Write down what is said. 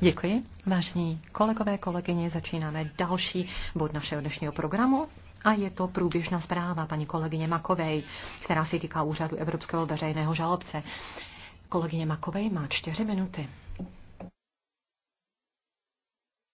Děkuji. Vážení kolegové, kolegyně, začínáme další bod našeho dnešního programu. A je to průběžná zpráva paní kolegyně Makovej, která se týká úřadu Evropského veřejného žalobce. Kolegyně Makovej má čtyři minuty.